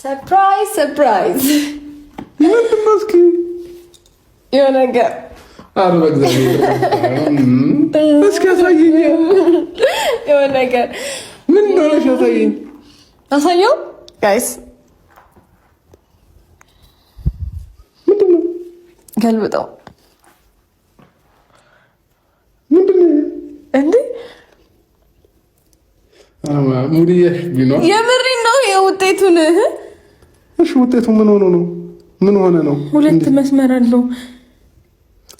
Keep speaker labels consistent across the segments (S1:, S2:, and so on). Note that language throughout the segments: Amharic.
S1: ሰርፕራይዝ ሰርፕራይዝ
S2: ይመልማስኪ የሆነ ነገር አረ በእግዚአብሔር እስኪ አሳየኝ። የሆነ ነገር ምን አሳየኝ።
S1: አሳየው ጋይስ ምንድን ነው? ገልብጠው ምንድን ነው እንዴ? ነው የውጤቱን
S2: እሺ፣ ውጤቱ ምን ሆኖ ነው? ምን ሆነ ነው?
S1: ሁለት መስመር አለው።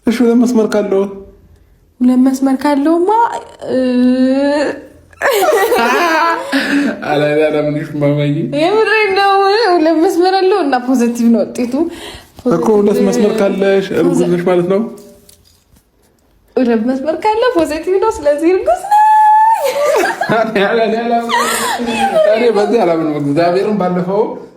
S2: እሺ፣ ሁለት መስመር ካለው
S1: ሁለት መስመር ካለውማ ሁለት መስመር አለው እና ፖዘቲቭ ነው ውጤቱ
S2: እኮ። ሁለት መስመር ካለሽ እርጉዝ ነሽ ማለት ነው።
S1: ሁለት መስመር ካለ ፖዘቲቭ ነው። ስለዚህ እርጉዝ ነው።
S2: በዚህ አላምንም። እግዚአብሔርን ባለፈው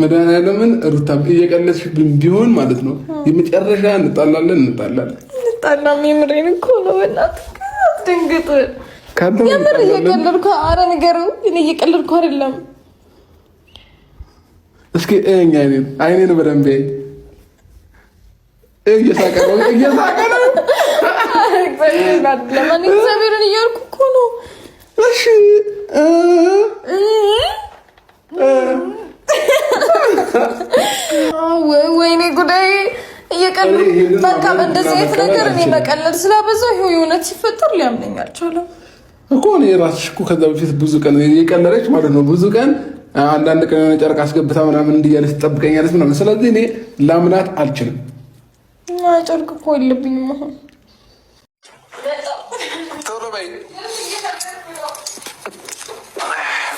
S2: መድኃኒዓለምን ሩታ እየቀለድሽብን ቢሆን ማለት ነው። የመጨረሻ እንጣላለን
S1: እንጣላለን የምሬን እኮ ነው። በእናትህ የምር እየቀለድኩ እኔ እየቀለድኩ አይደለም።
S2: እስኪ እኛ አይኔን አይኔን በደንብ እየሳቀ ነው እየሳቀ ነው።
S1: ወይኔ ጉዳይ እየቀሉ በቃ እንደዚህ አይነት ነገር እኔ መቀለል ስላበዛ ይኸው የእውነት ሲፈጠር ሊያምነኝ አልቻለም
S2: እኮ እኔ እራስሽ እኮ ከዛ በፊት ብዙ ቀን እየቀለለች ማለት ነው ብዙ ቀን አንዳንድ ቀን የሆነ ጨርቅ አስገብታ ምናምን እንዲያለች ትጠብቀኛለች ምናምን ስለዚህ እኔ ላምናት አልችልም
S1: ጨርቅ እኮ የለብኝም አሁን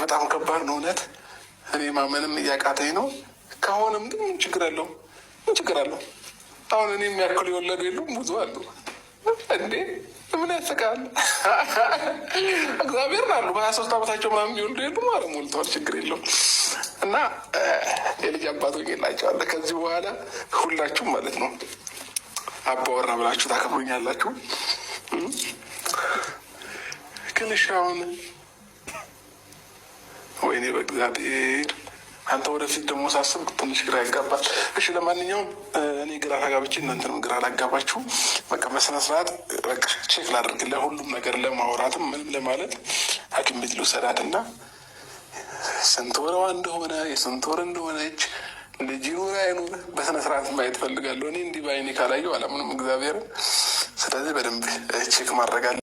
S1: በጣም ከባድ ነው እውነት እኔ ማመንም እያቃተኝ ነው ከሆነም ግን ችግር አለው ምን ችግር አለው? አሁን እኔ የሚያክሉ የወለዱ የሉም ብዙ አሉ እንዴ ምን ያስቃል? እግዚአብሔር አሉ በሀያ ሶስት ዓመታቸው ምናምን የሚወልዱ የሉም አለ ሞልተዋል። ችግር የለው። እና የልጅ አባት ሆኜላቸዋለሁ። ከዚህ በኋላ ሁላችሁም ማለት ነው አባወራ ብላችሁ ታከብሩኛላችሁ። ግን እሺ አሁን ወይኔ በእግዚአብሔር አንተ ወደፊት ደግሞ ሳስብ ትንሽ ግራ ያጋባል። እሺ ለማንኛውም እኔ ግራ ተጋብቼ እናንተንም ግራ ላጋባችሁ። በቃ በስነ ስርዓት በቃ ቼክ ላደርግ ለሁሉም ነገር ለማውራትም ምንም ለማለት ሐኪም ቤት ልውሰዳት እና ስንት ወረዋ እንደሆነ የስንት ወር እንደሆነች ልጅ ይኑር አይኑር በስነ ስርዓት ማየት ፈልጋለሁ። እኔ እንዲህ በአይኔ ካላየው አላምንም እግዚአብሔርን። ስለዚህ በደንብ ቼክ ማድረጋለ